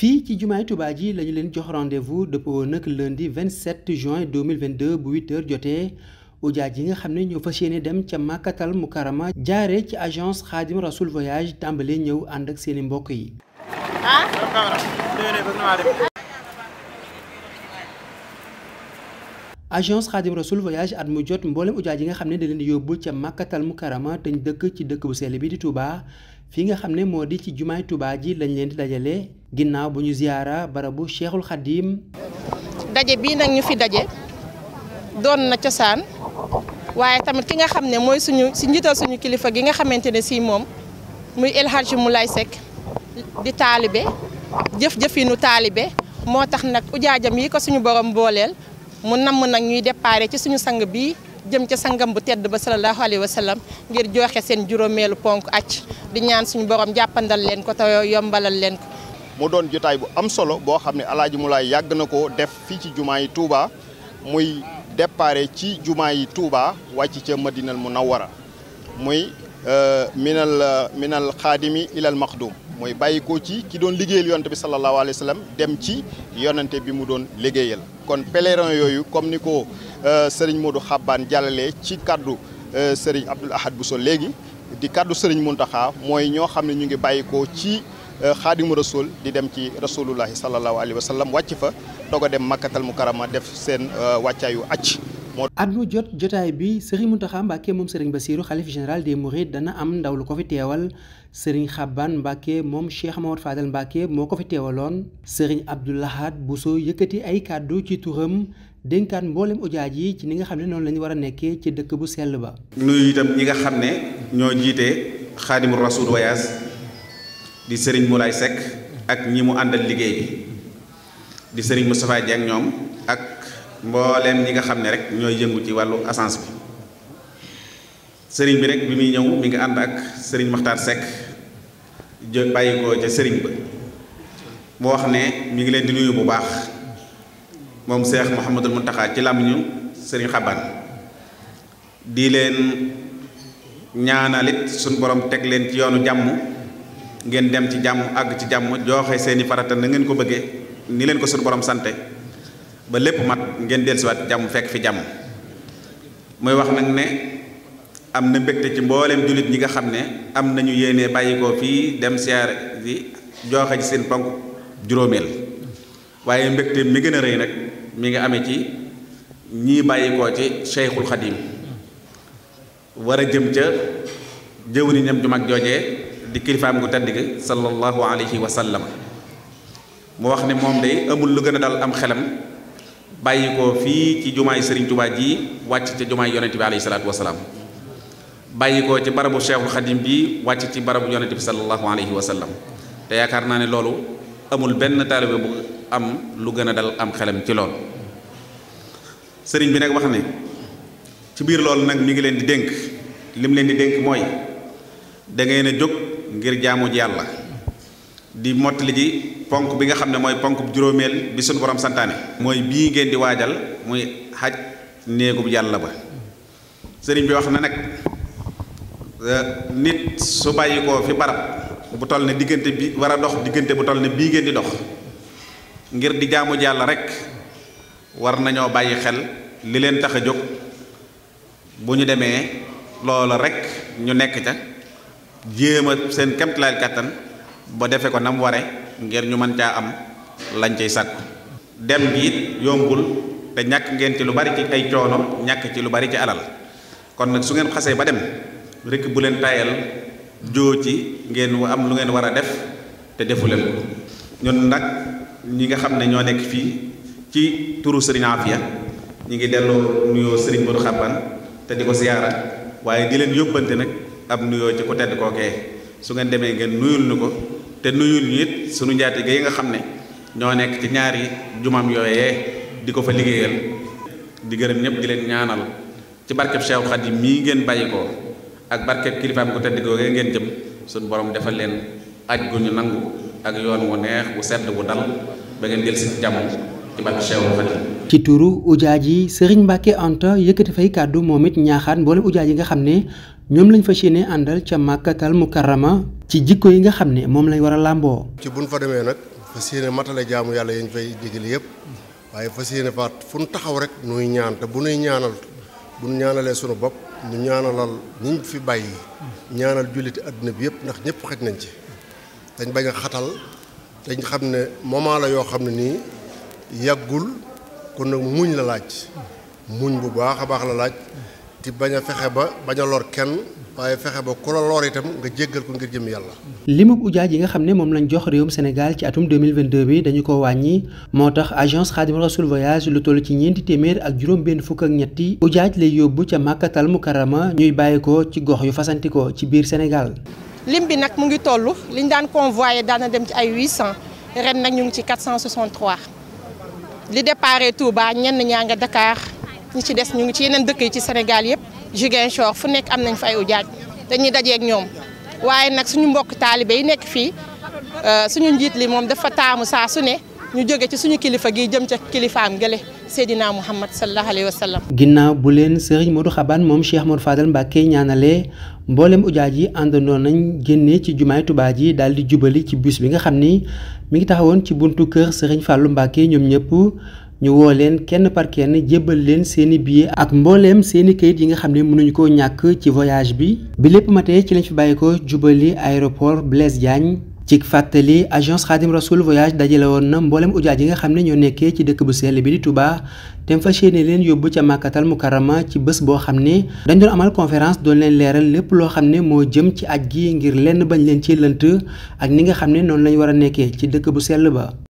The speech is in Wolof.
fii ci jumaay Tuubaa ji lañu leen jox rendez-vous dëppoo nag lundi 27 juin 2022 bu 8h jotee ujaaj ji nga xam ne ñoo fa yéene dem ca Makkatal Mukarama jaare ci agence Xaadim Rasul Voyage tàmbale ñëw ànd ak seeni mbokk yi ah? agence Xaadim Rasul voyage at mu jot mboolem ujaaj yi nga xam ne da leen yóbbu ca Makkatal Mukarrama te ñu dëkk ci dëkk bu sell bi di Touba fi nga xam ne moo di ci jumaay Touba ji lañ leen di dajale ginnaaw bu ñu ziyaara barabu Cheikhul Xaadim daje bii nag ñu fi daje doon na cosaan waaye tamit ki nga xam ne mooy suñu si njiital suñu kilifa gi nga xamante ne si moom muy El Hadji Moulay Seck di taalibe jëf-jëfinu taalibe moo tax nag ujaajam yi ko suñu borom mbooleel mu namm nag ñuy déparé ci suñu sang bi jëm ca sangam bu tedd ba sallallahu alayhi wa sallam ngir joxe seen juróomeelu ponk acc di ñaan suñu borom jàppandal leen ko te yombalal leen ko. mu doon jotaay bu am solo boo xam ne Alaaji Mulaay yàgg na ko def fii ci jumaa yi Touba muy déparé ci jumaa yi Touba wàcc ca Madinal Munawwara muy euh, minal minal xaadimi ilal maxdum mooy bàyyi ko ci ki doon liggéeyal yonent bi sallallahu alayhi wa sallam dem ci yonent bi mu doon liggéeyal kon pèlerin yooyu comme ni ko euh, sëriñ Modou Xabbaan jàllale ci kaddu euh, sëriñ Abdoul Ahad sol léegi di kaddu sëriñ Muntaxa mooy ñoo xam ne ñu ngi bàyyi ko ci xaadimu euh, rasul di dem ci rasulullahi sallallahu alayhi wa sallam wàcc fa doog dem dem makkatal mukarama def seen wàccaayu acc at mu jot jotaay bi sëriñ Mountakha Mbacké moom sëriñ ba Bassirou xalif général des Mourides dana am ndaw lu ko fi teewal sëriñ Xaban Mbacké moom Cheikh Mamadou Fadel Mbacké moo ko fi teewaloon sëriñ Abdou bu Bousso yëkkati ay kàddu ci turam dénkaat mboolem ujaaj yi ci ni nga xam ne noonu lañu war a nekkee ci dëkk bu sell ba nuyu itam ñi nga xam ne ñoo jiite Xaadimu Rasul Voyage di sëriñ Moulay Seck ak ñi mu àndal liggéey bi di sëriñ Moustapha Dieng ñoom mbooleem ñi nga xam ne rek ñooy yëngu ci wàllu assance bi sëriñ bi rek bi muy ñëw mi ngi ànd ak sëriñ Maxtaar Seck jë bàyyi ca sëriñ ba mu wax ne mi ngi leen di nuyu bu baax moom seex Cheikh Mouhamadul Mountakha ci làmmiñu sëriñ Xabaan di leen ñaanalit suñ borom teg leen ci yoonu jàmm ngeen dem ci jàmm àgg ci jàmm jooxe seeni farata na ngeen ko bëggee ni leen ko suñu borom sante ba lépp mat ngeen dellusiwaat jàmm fekk fi jàmm muy wax nag ne am na mbégte ci mbooleem jullit ñi nga xam ne am nañu yéene bàyyikoo fii dem siyaare ji joxe ci seen ponk juróomeel waaye mbégte mi gën a rëy nag mi nga amee ci ñii bàyyikoo ci Cheikhul Khadim war a jëm ca jëwriñam ju mag joojee di kilifaam gu tedd gi sallallahu alayhi wa sallam mu wax ne moom day amul lu gën a dal am xelam bàyyi ko fii ci jumaay sëriñ Touba ji wàcc ca jumaay yonente bi alayhi salaatu wasalaam bàyyi ko ci barabu Cheikhul Khadim bi wàcc ci barabu yonente bi sallallahu alayhi wa sallam te yaakaar naa ne loolu amul benn taalibe bu am lu gën a dal am xelam ci lool sëriñ bi nag wax ne ci biir loolu nag mu ngi leen di dénk lim leen di dénk mooy dangeen a jóg ngir jaamu ji yàlla di mottali ji ponk bi nga xam ne mooy ponk juróomeel bi suñu borom santaane mooy bii ngeen di waajal muy xaj néegub yàlla ba sëriñ bi wax na nag euh, nit su bàyyi ko fi barab bu toll ne diggante bi war a dox diggante bu toll ne bii ngeen di dox ngir di jaamu jàll rek war nañoo bàyyi xel li leen tax a jóg bu ñu demee loola rek ñu nekk ca jéem a seen kemtalaay kàttan ba defe ko nam ware ngir ñu mën caa am lañ cay sàkku dem bi it yombul te ñàkk ngeen ci lu bari ci ay coono ñàkk ci lu bari ci alal kon nag su ngeen xasee ba dem rekk bu leen tayel joo ci ngeen am lu ngeen war a def te defu leen ko ñun nag ñi nga xam ne ñoo nekk fii ci turu Serigne Afia ñi ngi delloo nuyoo Serigne Modou Xabban te di ko siyaara waaye di leen yóbbante nag ab nuyoo ci ku tedd kookee su ngeen demee ngeen nuyul ni ko te nuyul ñu sunu njaatige yi nga xam ne ñoo nekk ci ñaari jumam yooyee di ko fa liggéeyal di gërëm ñëpp di leen ñaanal ci barkeb Cheikh Khadim mii ngeen bàyyi ko ak barkeb kilifaam ku tedd googee ngeen jëm sunu borom defal leen aj gu ñu nangu ak yoon wu neex wu sedd wu dal ba ngeen jël si jàmm ci barkeb Cheikh Khadim ci turu ujaaj yi Serigne Mbacke Anta yëkkati fay kàddu moom it ñaaxaat mboolem ujaaj yi nga xam ne ñoom lañ fas yéene àndal ca màkkatal mukarrama ci jikko yi nga xam ne moom lañ war a làmboo ci buñ fa demee nag fas yéene matale jaamu yàlla yañ fay digale yëpp waaye fa yéene faat fu ñu taxaw rek nuy ñaan te bu nuy ñaanal bu ñu ñaanalee sunu bopp ñu ñaanalal ñiñ fi bàyyi ñaanal julliti àddina bi yëpp ndax ñëpp xaj nañ ci dañ bañ a xatal dañ xam ne moment la yoo xam ne nii yàggul kon muñ la laaj muñ bu baax a baax la laaj ti bañ a fexe ba bañ lor kenn waaye fexe ba ku la lor itam nga jéggal ko ngir jëm yàlla. limub ujaaj yi nga xam ne moom lañ jox réewum Sénégal ci atum dañu ko wàññi moo tax agence Xaadim Rasul voyage lu toll ci ñeenti téeméer ak juróom benn fukk ak ñetti ujaaj lay yóbbu ca màkkatal mukarama ñuy bàyyi ko ci gox yu fasantikoo ci biir Sénégal. lim bi nag mu ngi toll liñ daan convoyé daana dem ci ay 800 ren nag ñu ci li déparé Touba ñenn ñaa nga Dakar. ñu ci des ñu ngi ci yeneen dëkk yi ci Sénégal yëpp Ziguinchor fu nekk am nañ fa ay ujaaj dañuy dajeek ñoom waaye nag suñu mbokk taalibe yi nekk fii euh, suñu njiit li moom dafa taamu saa su ne ñu jóge ci suñu kilifa gi jëm ca kilifaam gële Seydina Muhammad sallallahu alayhi wa sallam. ginnaaw bu leen Serigne Modou Xaban moom Cheikh Modou Fadal Mbacke ñaanale mboolem ujaaj yi àndandoo nañ génnee ci jumaay Tuubaa ji daal di jubali ci bus bi nga xam ni mi ngi taxawoon ci buntu kër Serigne Fallou Mbacke ñoom ñëpp. ñu woo leen kenn par kenn jébbal leen seeni billets ak mbooleem seeni kayit yi nga xam ne mënuñu koo ñàkk ci voyage bi bi lépp matee ci lañ fi bàyyi ko jubali aéroport Blaise Diagne ci fàttali agence Khadim Rasoul voyage dajale woon na mboolem ujaaj yi nga xam ne ñoo nekkee ci dëkk bu sell bi di Touba te mu fas yéene leen yóbbu ca Makkatal Mukarrama ci bés boo xam ne dañu doon amal conférence doon leen leeral lépp loo xam ne moo jëm ci aj gi ngir lenn bañ leen ci lënt ak ni nga xam ne noonu lañ war a nekkee ci dëkk bu sell ba